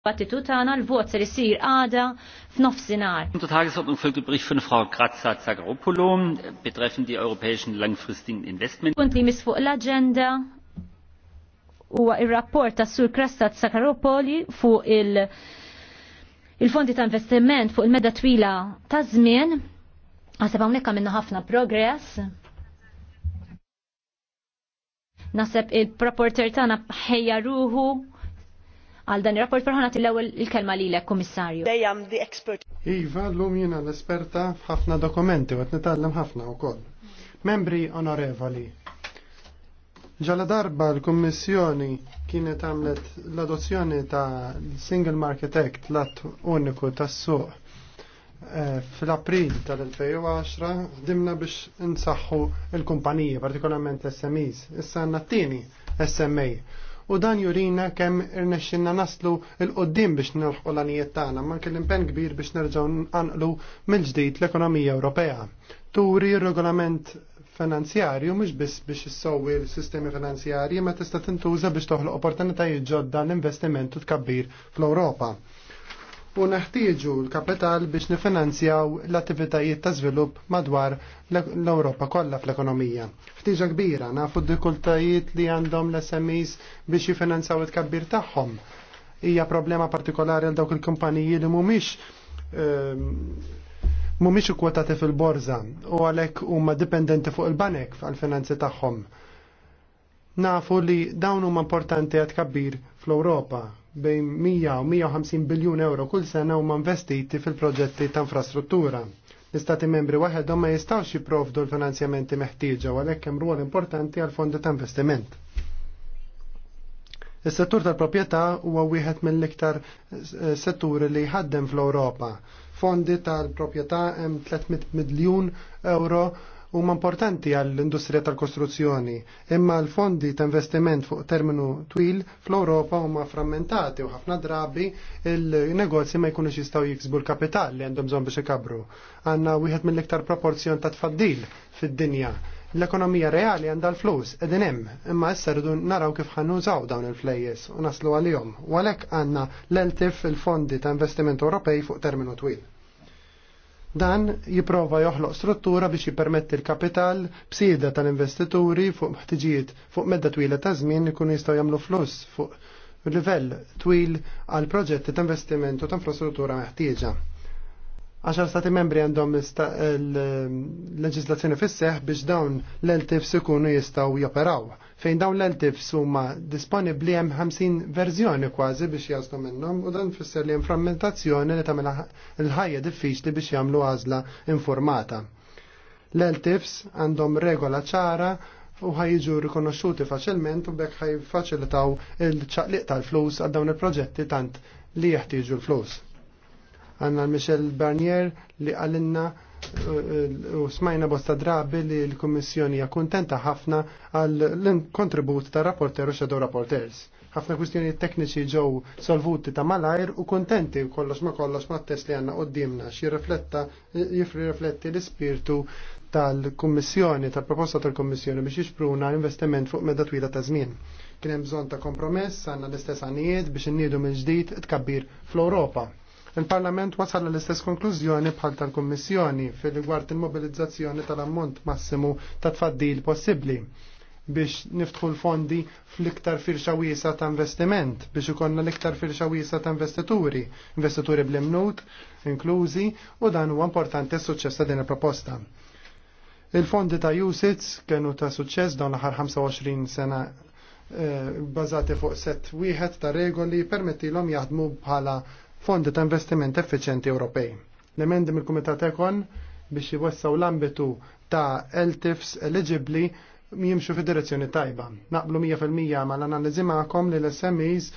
Battitu tana l-vot ser isir għada f'nofsinhar. Unter Tagesordnung folgt għu Bericht von fra Grazza Zagropolo, betreffend di europäischen langfristigen Investment. Punt li misfuq l-agenda u il rapport ta' Sur Krasta Zagropoli fuq il- fondi ta' investiment fuq il medda twila ta' żmien. Għaseb hawnhekk għamilna ħafna progress. Nasab il-proporter tagħna ħejja ruħu għal dan il rapport ferħana l-ewwel il-kelma lilek, Kummissarju. Dejjem the expert. Iva, llum jiena l-esperta f'ħafna dokumenti għat qed nitgħallem ħafna wkoll. Membri onorevoli, ġala darba l-Kommissjoni kienet għamlet l-adozzjoni ta' Single Market Act l-att uniku tas-suq eh, fl-april tal-2010 dimna biex nsaħħu il-kumpaniji, partikolarment l-SMEs. Issa għanna t-tini SMA u dan jurina kemm irnexxinna naslu l-qoddim biex nilħqu l-anijiet tagħna ma kien impenn kbir biex nerġgħu nqanqlu mill-ġdid l-ekonomija Ewropea. Turi r-regolament finanzjarju mhux biss biex issowwi l-sistemi finanzjarji ma tista' tintuża biex toħloq opportunitajiet ġodda l investimentu u tkabbir fl-Ewropa u neħtieġu l-kapital biex nifinanzjaw l-attivitajiet ta' żvilupp madwar l-Ewropa kollha fl-ekonomija. Ftiġa kbira nafu d-dikultajiet li għandhom l-SMEs biex jifinanzjaw it-kabbir tagħhom. Hija problema partikolari għal dawk il-kumpaniji li mhumiex ehm, mhumiex ikkwotati fil-borża u għalhekk huma dipendenti fuq il-banek għall-finanzi tagħhom nafu li dawn huma importanti għad kabbir fl-Ewropa bejn 100 u 150 biljun euro kull sena huma investiti fil-proġetti ta' infrastruttura. L-istati membri waħedhom ma jistgħux jipprovdu l-finanzjamenti meħtieġa u għalhekk hemm ruol importanti għal fondi ta' investiment. Is-settur tal-proprjetà huwa wieħed mill-iktar eh, setturi li jħaddem fl-Ewropa. Fondi tal-proprjetà hemm 300 miljun euro huma importanti għall-industrija tal-kostruzzjoni, imma l-fondi ta' investiment fuq terminu twil fl-Ewropa huma frammentati u ħafna drabi il-negozji ma jkunux jistgħu jiksbu l-kapital li għandhom bżonn biex ikabru. Għandna wieħed mill-iktar proporzjon ta' tfaddil fid-dinja. L-ekonomija reali għandha l-flus, edin hemm, imma issa rridu naraw kif ħannużaw dawn il-flejjes u naslu għalihom. U għalhekk għandna l-eltif il-fondi ta' investiment Ewropej fuq terminu twil. Dan jiprova joħloq struttura biex jipermetti l-kapital b'sieda tal-investituri fuq ħtiġijiet fuq medda twila ta' żmien ikunu jistgħu jagħmlu flus fuq livell twil għal proġetti ta' investiment u ta' infrastruttura meħtieġa għaxar stati membri għandhom l-leġislazzjoni fisseħ biex dawn l-LTIFs ikunu jistaw joperaw. Fejn dawn l-LTIFs huma disponibli hemm 50 verżjoni kważi biex jaslu minnhom u dan fisser li hemm frammentazzjoni li tagħmel il-ħajja diffiċli biex jagħmlu għażla informata. L-LTIFs għandhom regola ċara u ħajġu rikonoxxuti faċilment u bekk ħajfaċilitaw il-ċaqliq tal-flus għal dawn il-proġetti tant li jeħtieġu l-flus. Għanna Michel Barnier li għalinna eh, eh, u smajna bosta drabi li l-Kommissjoni hija kuntenta ħafna għal l-kontribut ta' rapporter u shadow rapporters. ħafna kwistjoni tekniċi ġew solvuti ta' malajr u kontenti kollox ma kollox ma test li għanna qoddimna x'jirrifletta eh, rifletti l-ispirtu tal-Kummissjoni, tal-proposta tal-Kummissjoni biex jispruna investiment fuq medda twila ta' żmien. Kien hemm bżonn ta' kompromess, għandna l-istess għanijiet biex inniedu mill-ġdid tkabbir fl-Ewropa Il-Parlament wasal l-istess konklużjoni bħal tal-Kommissjoni fil-rigward il-mobilizzazzjoni tal-ammont massimu ta' tfaddil possibbli biex niftħu l-fondi fl-iktar firxa wiesa ta' investiment, biex ikonna l-iktar firxa wiesa ta' investituri, investituri bl-imnut, inklużi, u dan huwa importanti s-suċċess ta' din il-proposta. Il-fondi ta' USITS kienu ta' suċċess dawn l-aħħar 25 sena eh, bazati fuq set wieħed ta' regoli l-om jaħdmu bħala fondi ta' investiment effiċenti Ewropej. L-emendi mill-Kumitat Ekon biex jwessaw l-ambitu ta' LTIFs eligibli jimxu fi direzzjoni tajba. Naqblu 100% ma l-analizi ma'kom li l-SMEs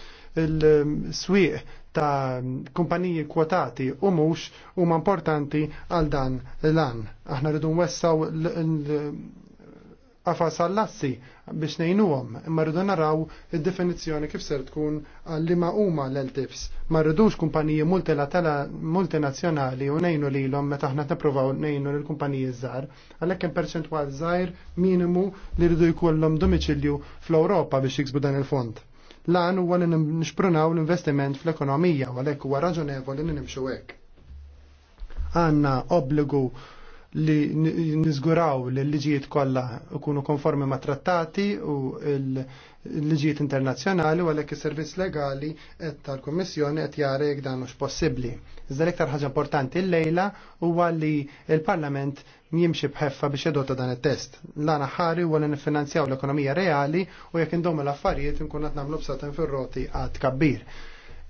il-swieq ta' kumpaniji kwotati u mux u ma' importanti għal dan l-an. Aħna rridu nwessaw l għafa sal-lassi biex nejnuhom, imma rridu naraw id-definizzjoni kif ser tkun li ma huma l-LTIPS. Ma rridux kumpaniji multinazzjonali u nejnu li l-om meta ħna nipruvaw nejnu l-kumpaniji żgħar, għalhekk hemm perċentwal żgħir minimu li rridu jkollhom domiċilju fl-Ewropa biex jiksbu dan il-fond. Lan huwa li nixprunaw l-investiment fl-ekonomija u għalhekk huwa raġonevoli li nimxu hekk. Għanna obbligu li nizguraw li l-liġijiet kollha ikunu konformi ma' trattati u l-liġijiet internazzjonali u għalhekk is-servizz legali qed tal-Kummissjoni qed jara jekk dan mhux possibbli. Iżda l-iktar ħaġa importanti llejla huwa li l-Parlament jimxi bħeffa biex jadota dan it-test. L-għana ħari u għalin nifinanzjaw l-ekonomija reali u jek indomu l-affarijiet inkun qed nagħmlu b'satan fil-roti għad kabbir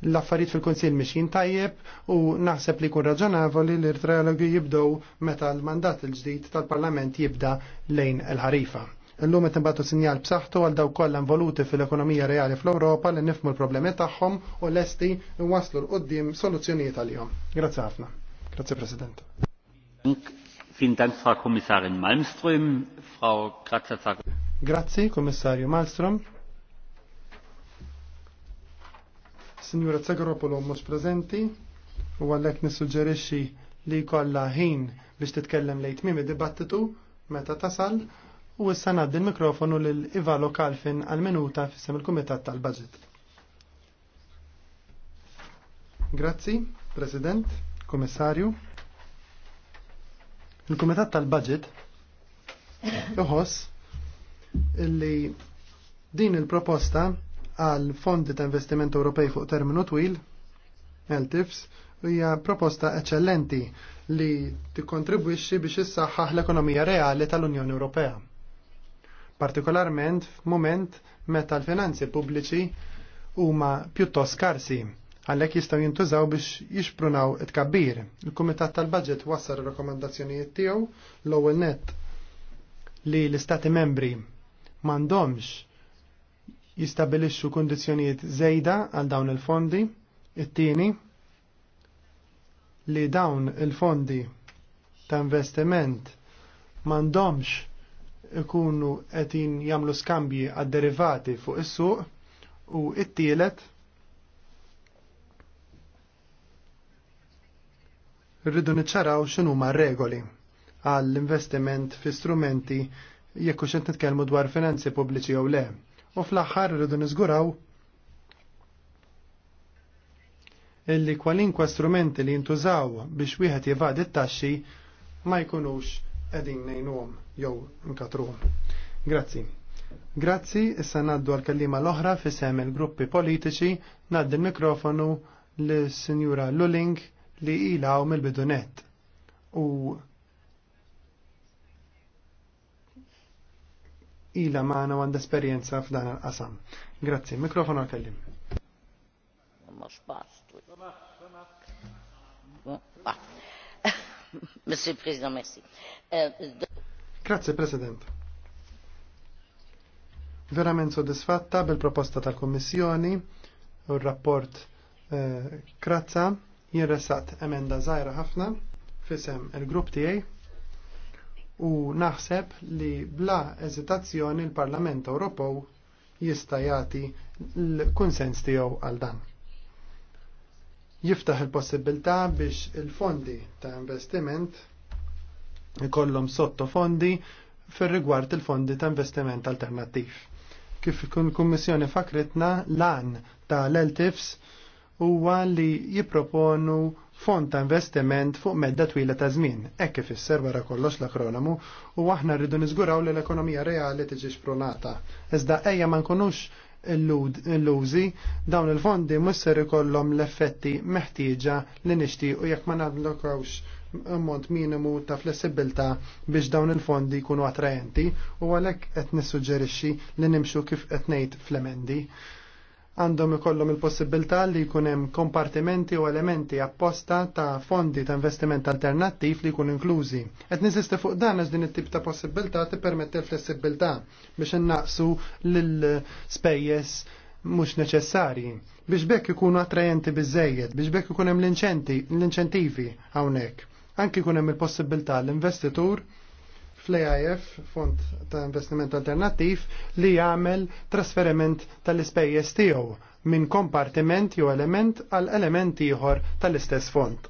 l-affarijiet fil-Kunsill mixjin tajjeb u naħseb li kun raġonavoli li r-trialogi jibdow meta l-mandat il-ġdid tal-Parlament jibda lejn il-ħarifa. Illum qed nbagħtu sinjal b'saħħtu għal dawk kollha involuti fil-ekonomija reali fl-Ewropa li nifmu l-problemi tagħhom u lesti nwaslu l-qudiem soluzzjonijiet għalihom. Grazzi ħafna. Grazzi President. Vielen Dank, Frau Kommissarin Malmström. Frau Grazie, Kommissarju Malmström. Signora Zagropolo mhux preżenti u għallek nissuġġerixxi li jkollha ħin biex titkellem lejt mimi dibattitu meta tasal u issa ngħaddi l-mikrofonu lil Ivalo Kalfin għal minuta fissem il-Kumitat tal-Baġit. Grazzi, President, Komissarju. Il-Kumitat tal-Budget joħoss illi din il-proposta għal fondi ta' investiment Ewropej fuq terminu twil, LTIFs, hija proposta eċċellenti li tikkontribwixxi biex issaħħaħ l-ekonomija reali tal-Unjoni Ewropea. Partikolarment f'mument meta l-finanzi pubbliċi huma pjuttost skarsi għallek jistaw jintużaw biex jixprunaw it-kabbir. Il-Kumitat tal-Budget wassar ir-rakkomandazzjonijiet tiegħu l-ewwel net li l-Istati membri m'għandhomx jistabilixxu kundizzjonijiet żejda għal dawn il-fondi. It-tieni li dawn il-fondi ta' investiment m'għandhomx ikunu qegħdin jagħmlu skambji għad-derivati fuq is-suq u it-tielet rridu niċċaraw x'inhuma regoli għall-investiment fi strumenti jekk hux qed nitkellmu dwar finanzi pubbliċi jew le u fl-aħħar rridu nizguraw illi kwalinkwa strumenti li jintużaw biex wieħed jevad it-taxxi ma jkunux qegħdin ngħinuhom jew nkatruhom. Grazzi. Grazzi, issa naddu għal kelliema l-oħra fi sem il-gruppi politiċi, naddu il-mikrofonu l-Sinjura Lulling li ila mill-bidunet. U ila maħna għanda esperienza f'dan il-qasam. Grazzi, mikrofon għal-kellim. President, euh, Grazie, President. Verament soddisfatta bil-proposta tal-Kommissjoni u r-rapport eh, Krazza jirresat emenda zaħira ħafna fisem il-grupp tiegħi u naħseb li bla eżitazzjoni l-Parlament Ewropew jista' jagħti l-kunsens tiegħu għal dan. Jiftaħ il-possibilità biex il-fondi ta' investiment ikollhom sottofondi fir-rigward il-fondi ta' investiment alternattiv. Kif kun kummissjoni fakritna lan ta' l-LTIFs huwa li jipproponu fond ta' investiment fuq medda twila ta' żmien. Hekk ifisser wara kollox l-akronomu u aħna rridu niżguraw li l-ekonomija reali tiġi xpronata. Iżda ejja ma nkunux illużi dawn il-fondi musser ikollhom l-effetti meħtieġa li nixtiequ jekk ma nallokawx ammont minimu ta' flessibilta biex dawn il-fondi jkunu attraenti u għalhekk qed nissuġġerixxi li nimxu kif qed ngħid fl-emendi għandhom ikollhom il-possibilità li jkun hemm kompartimenti u elementi apposta ta' fondi ta' investiment alternattiv li jkun inklużi. Qed niżisti fuq dan għax din it-tip ta' possibilità tippermetti l-flessibilità biex innaqsu l-spejjeż mhux neċessarji. Biex bekk ikunu attrajenti biżejjed, biex bekk ikun hemm l-inċentivi hawnhekk. Anki jkun hemm il-possibilità l-investitur fl-AIF, Fond ta' Investiment Alternattiv, li jagħmel trasferiment tal-ispejjeż tiegħu minn kompartiment jew element għal element ieħor tal-istess fond.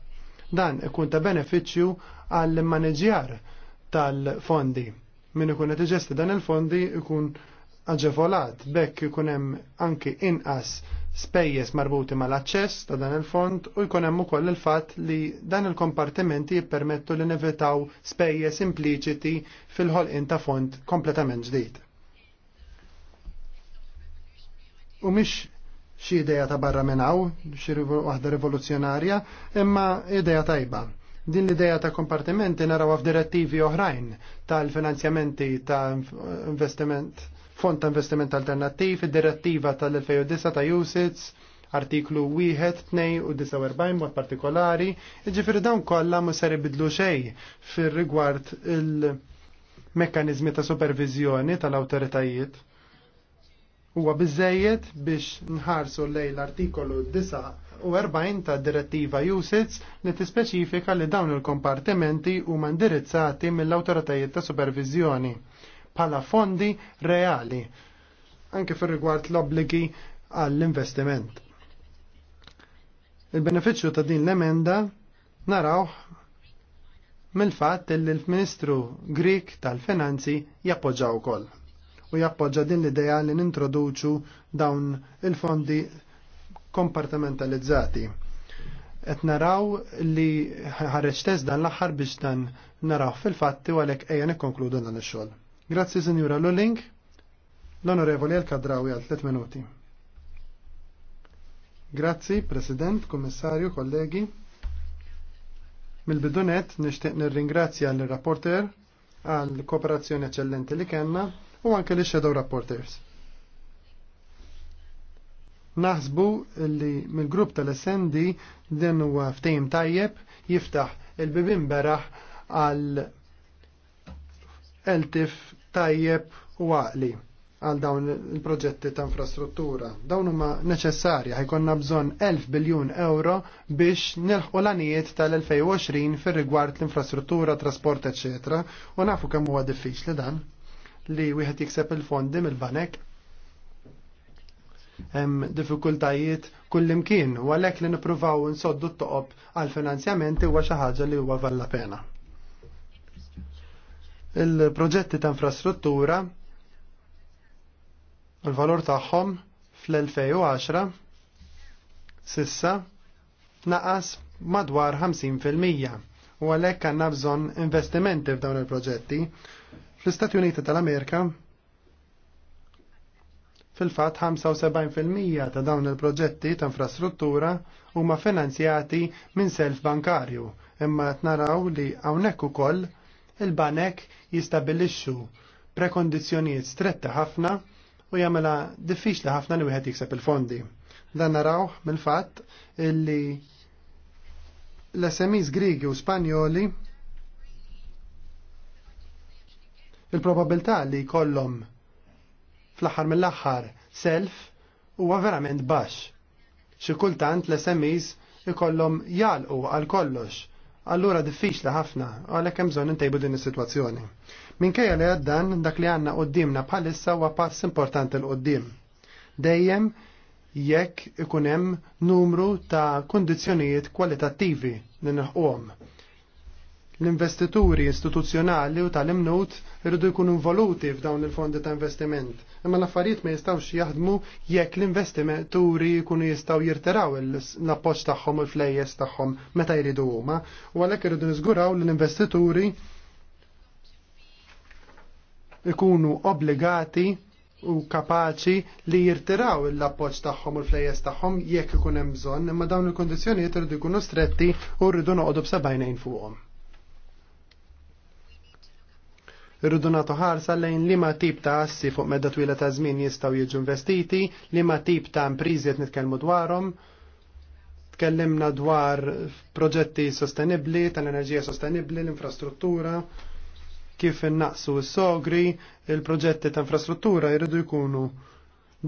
Dan ikun ta' benefiċċju għall maneġjar tal-fondi. Min ikun qed iġesti dan il-fondi ikun aġevolat bekk ikun hemm anki inqas spejjeż marbuti mal-aċċess ta' dan il-fond u jkun hemm ukoll il-fatt li dan il-kompartimenti jippermettu li nevitaw spejjeż impliċiti fil-ħolqien ta' fond kompletament ġdid. U mhix xi idea ta' barra minn hawn, xi waħda rivoluzzjonarja, imma idea tajba. Din l-idea ta' kompartimenti narawha f'direttivi oħrajn tal-finanzjamenti ta' investiment fond ta' investiment alternattiv, id-direttiva tal-2009 ta' USITS, artiklu 1, 2 u 49 mod partikolari, ġifiri dawn kollha ma ser ibidlu xejn fir-rigward il mekkaniżmi ta' supervizjoni tal-awtoritajiet. Huwa biżejjed biex nħarsu lej l-artikolu 49 ta' direttiva USITS li tispeċifika li dawn il-kompartimenti huma indirizzati mill-awtoritajiet ta' supervizjoni bħala fondi reali, anke fir rigward l-obbligi għall-investiment. Il-beneficju ta' din l-emenda naraw mill-fatt li l-Ministru Grik tal-Finanzi jappoġġaw ukoll u jappoġġa din l-idea li nintroduċu dawn il-fondi kompartamentalizzati. Et naraw li ħareċ dan l-aħħar biex dan naraw fil-fatti u għalek ejja nikkonkludu dan ix-xogħol. Grazzi, Signora Lulling. L-Onorevoli El Kadrawi għal 3 minuti. Grazzi, President, Kommissarju, kollegi. Mil-bidunet nishtiq nir-ringrazzja l-rapporter għal kooperazzjoni eccellenti li kenna u anke li shadow rapporters. Naħsbu li mill-grupp tal-SND din huwa ftejim tajjeb jiftaħ il-bibin beraħ għal eltif tajjeb u għaqli għal dawn il-proġetti ta' infrastruttura. Dawn huma neċessarja ħajkonna bżonn 1000 biljun euro biex nilħu l-anijiet tal-2020 fir rigward l-infrastruttura, trasport, ecc. U nafu kemm huwa diffiċli dan li wieħed jikseb il-fondi mill-banek. Hemm diffikultajiet kullimkien u għalhekk li nippruvaw insoddu t-toqob għal finanzjamenti huwa xi ħaġa li huwa valla pena il-proġetti ta' infrastruttura il-valur tagħhom fl-2010 sissa naqas madwar 50% u għalhekk għandna bżonn investimenti f'dawn il-proġetti. Fl-Istati Uniti tal-Amerika fil-fatt 75% ta' dawn il-proġetti ta' infrastruttura huma finanzjati minn self bankarju, imma naraw li hawnhekk ukoll koll il-banek jistabilixxu prekondizjonijiet stretta ħafna u jagħmilha diffiċli ħafna li wieħed jikseb il-fondi. Dan naraw mill-fatt illi l-SMEs Grigi u Spanjoli il-probabilità li jkollhom fl-aħħar mill-aħħar self huwa verament baxx. Xi kultant l-SMEs ikollhom jalqu għal kollox allura diffiċli ħafna għalhekk hemm bżonn intejbu din is-sitwazzjoni. Minkejja li għaddan dak li għandna qudiemna bħalissa huwa pass importanti l qoddim Dejjem jekk ikun hemm numru ta' kundizzjonijiet kwalitattivi li nilħquhom l-investituri istituzzjonali u tal-imnut irridu jkunu involuti f'dawn il-fondi ta' investiment. Imma l-affarijiet ma jistawx jaħdmu jekk l-investimenturi jkunu jistaw jirtiraw l-appoġġ tagħhom u l-flejjes tagħhom meta jridu huma, u għalhekk irridu niżguraw li l-investituri ikunu obbligati u kapaċi li jirtiraw l-appoġġ tagħhom u l-flejjes tagħhom jekk ikun hemm bżonn, imma dawn il-kondizzjonijiet irridu jkunu stretti u rridu noqogħdu b'sebgħinejn fuqhom. Irridu nagħtu ħarsa lejn liema tip ta' assi fuq medda twila ta' żmien jistgħu jiġu investiti, liema tip ta' impriżi qed nitkellmu dwarhom. Tkellimna dwar proġetti sostenibbli, tal-enerġija sostenibbli, l-infrastruttura, kif innaqsu s-sogri, il-proġetti ta' infrastruttura jridu jkunu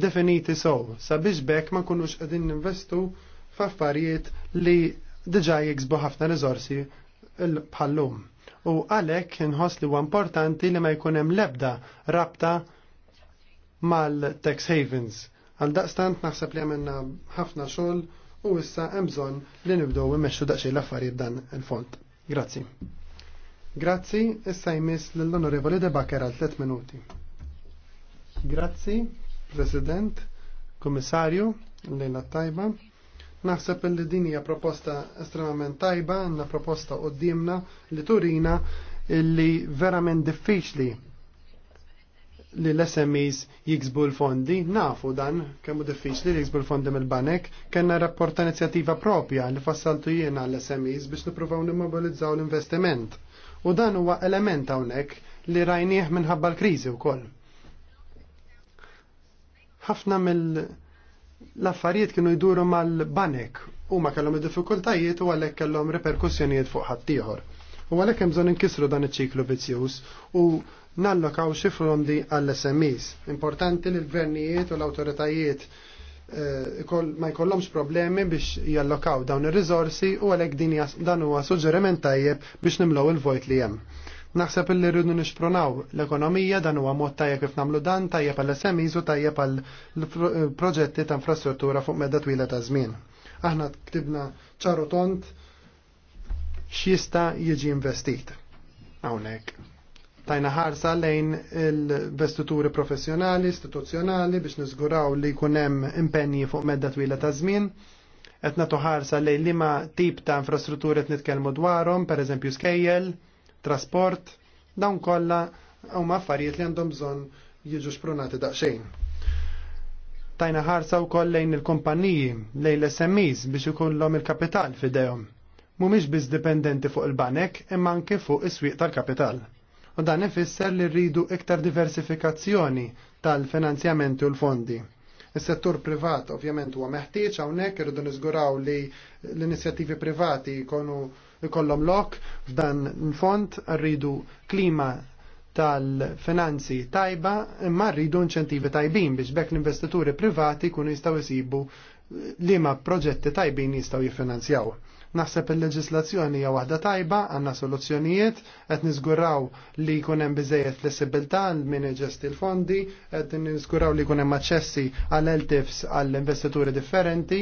definiti sow, sabiex bekk ma nkunux qegħdin ninvestu f'affarijiet li diġà jiksbu ħafna riżorsi bħallum u għalek nħoss li huwa importanti li ma jkun hemm lebda rabta mal-tax havens. Għal daqstant naħseb li għamilna ħafna xogħol u issa hemm bżonn li nibdu immexxu daqsxejn l-affarijiet dan il-fond. Grazzi. Grazzi, issa jmiss lill-Onorevoli De Bakker għal 3 minuti. Grazzi, President, Komissarju, lejla tajba. Naħseb li din hija proposta estremament tajba, għandna proposta qoddimna li turina li verament diffiċli li l-SMEs jiksbu l-fondi, nafu dan, kemmu diffiċli li jiksbu l-fondi mill-banek, kena rapporta inizjattiva propja li fassaltu jiena l-SMEs biex nipruvaw nimmobilizzaw l-investiment. U dan huwa element hawnhekk li rajnieh minħabba l-kriżi wkoll. Ħafna mill- l-affarijiet kienu jduru mal-banek u ma kellhom diffikultajiet u għalhekk kellhom reperkussjonijiet fuq ħaddieħor. U għalhekk hemm bżonn inkisru dan iċ-ċiklu vizzjuż u nallokaw xi fondi għall-SMEs. Importanti li l-gvernijiet u l-awtoritajiet eh, ma jkollhomx problemi biex jallokaw dawn ir-riżorsi u għalhekk dan huwa suġġeriment tajjeb biex nimlaw il-vojt li hemm. Naħseb illi rridu nixpronaw l-ekonomija dan huwa mod tajjeb kif nagħmlu dan tajja pal smis u tajja għal proġetti ta' infrastruttura fuq medda twila ta' żmien. Aħna ktibna ċaru tont x'jista' jiġi investit hawnhekk tajna ħarsa lejn il vestituri professjonali, istituzzjonali biex niżguraw li jkun hemm impenji fuq medda twila ta' żmien. nagħtu ħarsa lejn liema tip ta' infrastrutturi qed nitkellmu dwarhom, pereżempju skejjel, trasport, dawn kollha huma affarijiet li għandhom bżonn jiġu xprunati daqsxejn. Tajna ħarsa wkoll lejn il-kumpaniji, lejn l-SMEs biex ikollhom il-kapital fidejhom. Mhumiex biss dipendenti fuq il-banek imma anke fuq is-swieq tal-kapital. U dan ifisser li rridu iktar diversifikazzjoni tal-finanzjamenti u l-fondi. Is-settur privat ovvjament huwa meħtieġ hawnhekk irridu niżguraw li l-inizjattivi privati jkunu ikollom lok f'dan n fond rridu klima tal-finanzi tajba imma rridu inċentivi tajbin biex bekk l-investituri privati kunu jistgħu jsibu liema proġetti tajbin jistgħu jiffinanzjaw. Naħseb il-leġislazzjoni hija waħda tajba, għandna soluzzjonijiet, qed niżguraw li jkun hemm biżejjed flessibilità min iġesti l-fondi, qed niżguraw li jkun hemm aċċessi għal eltifs għall investituri differenti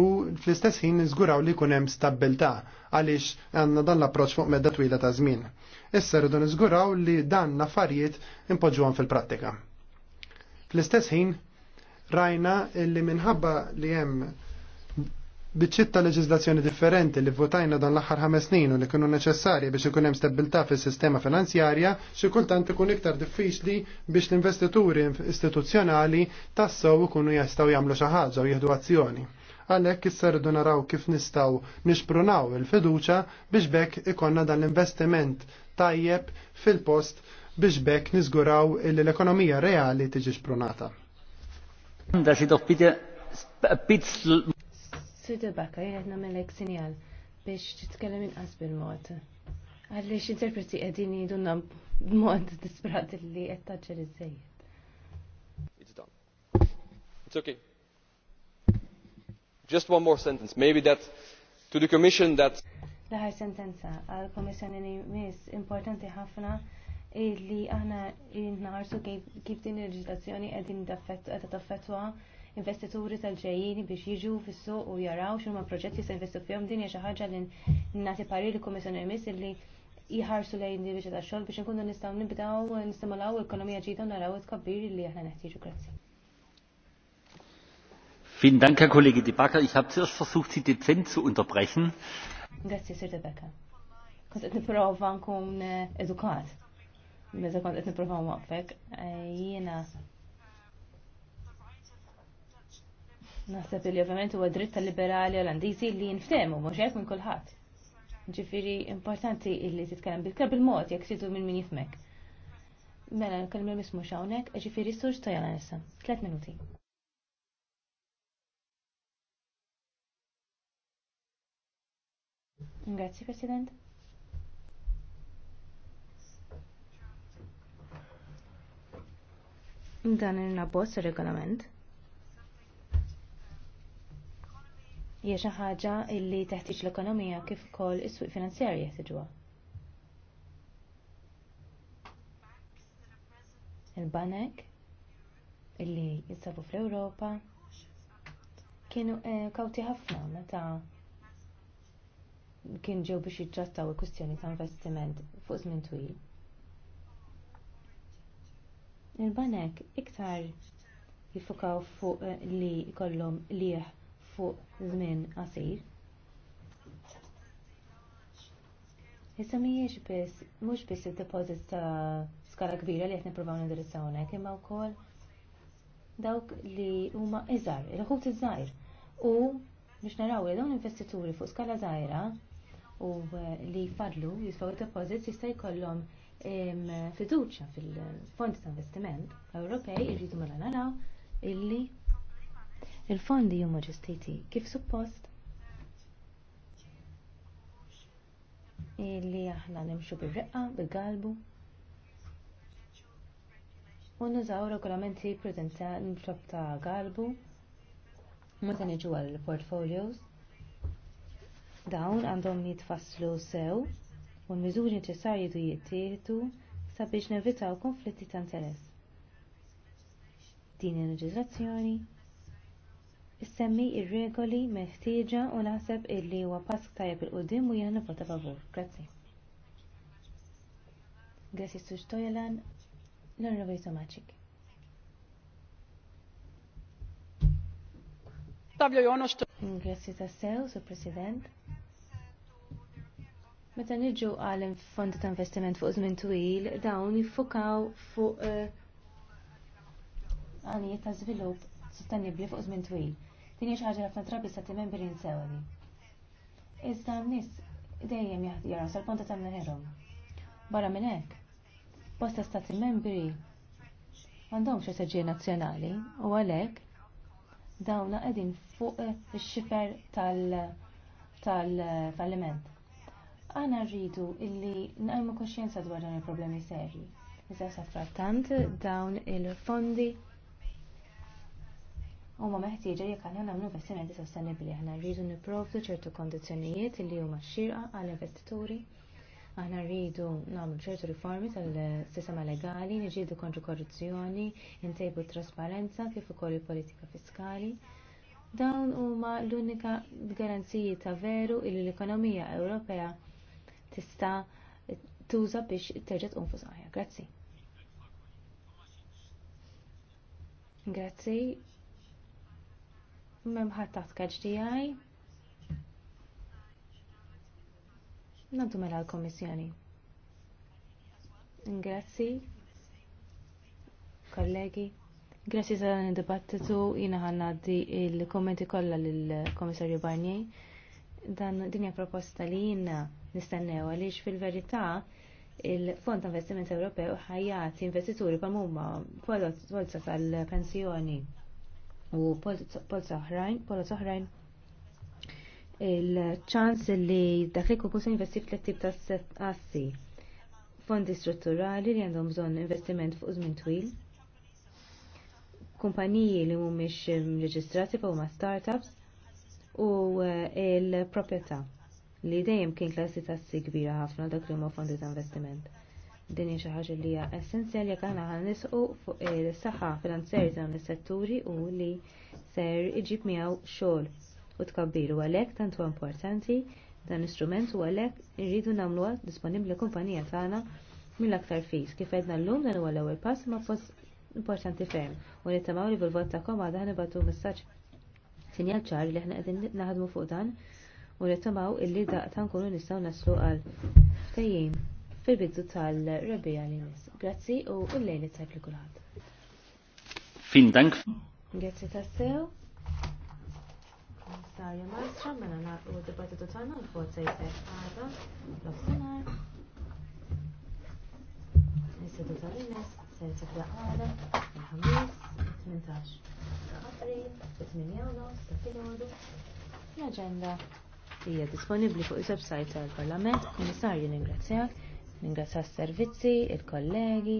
u fl-istess ħin niżguraw li jkun hemm stabbiltà għaliex għandna dan l-approċċ fuq medda twila ta' żmien. Issa rridu niżguraw li dan l-affarijiet impoġġuhom fil-prattika. Fl-istess ħin rajna li minħabba li hemm biċċitta leġizlazzjoni differenti li votajna dan l-aħħar ħames snin u li kienu neċessari biex ikun hemm stabbiltà fis-sistema finanzjarja, xi kultant ikun iktar diffiċli biex l-investituri istituzzjonali tassew ikunu jistgħu jagħmlu xi ħaġa u jieħdu azzjoni. Għalhekk issa rridu naraw kif nistgħu nixprunaw il-fiduċa biex bekk ikonna dan l-investiment tajjeb fil-post biex bekk niżguraw li l-ekonomija reali tiġi xprunata. Sur Debaka, jenet namellek sinjal biex titkellem inqas bil-mod. Għaliex interpreti qegħdin jidunna b-mod disprat li qed taġġel iż-żejjed. It's done. It's okay. Just one more sentence, maybe that to the Commission that Laħar sentenza għal komissjoni li mis importanti ħafna li aħna nħarsu kif din il-leġislazzjoni għedin qed taffettwa investituri tal ġejjin biex jiġu fissu u jaraw ma proġetti se investu fjom dinja xaħġa xi ħaġa li nagħti parir il-Kummissjoni jmiss li jħarsu li jindi biex tax xol biex inkunu nistaw nibdaw nistimulaw l-ekonomija ġita naraw it-kabbir li jahna neħtieġu grazzi. Vielen Dank, Herr Kollege De Backer. Ich habe zuerst versucht, Sie dezent zu unterbrechen. Grazie, Sir De Backer. Kont qed nipprova nkun eh, edukat. Meta kont qed nipprova waqfek, eh, jiena Naħseb li ovvjament huwa dritt tal-liberali Olandiżi li jinftehmu mhux hekk minn kulħadd. Ġifieri importanti li titkellem bil-kelb mod jekk tidu minn min jifmek. Mela nkellmu mismu hawnhekk, ġifieri sur stajala nisa. Tlet minuti. Grazie President. Dan il-nabbozz ir regolament hija xi ħaġa li teħtieġ l-ekonomija kif ukoll is-suq finanzjarji jeħtieġuha. Il-banek illi jinsabu fl-Ewropa kienu eh, kawti ħafna meta kien ġew biex jittrattaw il-kwistjoni ta' investiment fuq żmien twil. Il-banek iktar jifukaw fuq eh, li jkollhom lieħ fuq żmien qasir. Issa mhijiex biss mhux biss id deposit ta' skala kbira li qed nippruvaw nindirizzaw hawnhekk imma wkoll dawk li huma iżgħar, il-ħut iż-żgħir. U biex naraw li dawn investituri fuq skala żgħira u eh, li jfadlu jisfaw deposits jista' jkollhom fiduċja fil-fond ta' investiment Ewropej irridu mela naraw illi il-fondi huma ġestiti kif suppost li aħna nimxu bir-reqqa, bil-galbu u nużaw regolamenti prudenzjali ta' galbu meta niġu għal portfolios dawn għandhom jitfasslu sew u l-miżuri neċessarji du jittieħdu sabiex nevitaw konflitti ta' interess. Din il-leġiżlazzjoni issemmi ir-regoli meħtieġa u naħseb illi huwa pass tajjeb il-qudiem u jiena nivvota favur. Grazzi. Grazzi Sur Tojalan, l-Onorevoli Tomaċik. Grazzi tassew, President. Meta niġu għal fondi ta' investiment fuq żmien twil, dawn jiffokaw fuq eh, għanijiet ta' żvilupp sostenibbli fuq żmien twil. Din xi ħaġa ħafna drabi sa membri insewwi. Iżda n-nies dejjem jaraw sal-ponta ta' neħerhom. Barra minn hekk, bosta stati membri għandhom xi seġġier nazzjonali u għalhekk dawna qegħdin fuq ix-xifer tal-falliment. Aħna rridu illi nqajmu koxjenza dwar dawn il-problemi serji. Iżda sa frattant dawn il-fondi huma meħtieġa jekk aħna nagħmlu investimenti sostenibbli aħna rridu nipprovdu ċertu kondizzjonijiet li huma xirqa għall investituri aħna rridu nagħmlu ċertu riformi tal-sistema legali, niġiedu kontra korruzzjoni, intejbu t trasparenza kif ukoll il-politika fiskali. Dawn huma l-unika garanziji ta' veru li l-ekonomija Ewropea tista' tuża biex terġa' tqum fuq Grazzi. Grazzi Memħat ta' skaġ għaj. Nantu mela l-Komissjoni. Grazzi, kollegi. Grazzi ta' dan id-dibattitu jina di il-kommenti kollha lill-Komissarju Barnier. Dan dinja proposta li jina nistennew għaliex fil-verità il-Fond ta' Investiment Ewropew ħajjat investituri pal-mumma polza tal-pensjoni u polza oħrajn, polza oħrajn il-ċans li dak li kun investi flettib tip ta' assi. Fondi strutturali li għandhom bżonn investiment fuq żmien twil. Kumpaniji li mhumiex ehm, reġistrati fuq ma' startups u eh, il-proprjetà li dejjem kien klassi tassi kbira ħafna dak li huma fondi ta' investiment din hija xi ħaġa li hija essenzjali jekk aħna ħan nisqu fuq is-saħħa finanzjarja dawn is-setturi u li ser iġib miegħu xogħol u tkabbir u għalhekk tant huwa importanti dan l-istrument u għalhekk irridu nagħmluha disponibbli kumpanija tagħna mill-aktar fis. Kif għedna llum dan huwa l-ewwel pass ma' importanti ferm u nittamaw li bil-vot tagħkom għadha nibatu messaġġ sinjal ċar li aħna qegħdin naħdmu fuq dan u nittamaw illi daqta nkunu nistgħu naslu għal tejjim fil-biddu tal-rebija li nisa. Grazzi u l-lejli tajb li Fin dank. Grazzi tassew. Sarja Mastra, mela narqu d-dibattitu tagħna l-vot se għada l-offsinar. is tal-Ines se jsibda għada il-ħamis 18 ta' April, 8 Janos, ta' filgħodu. L-aġenda hija disponibbli fuq is-website tal-Parlament. Kummissarju ningrazzjak. Ningrazzja s-servizzi, il-kollegi.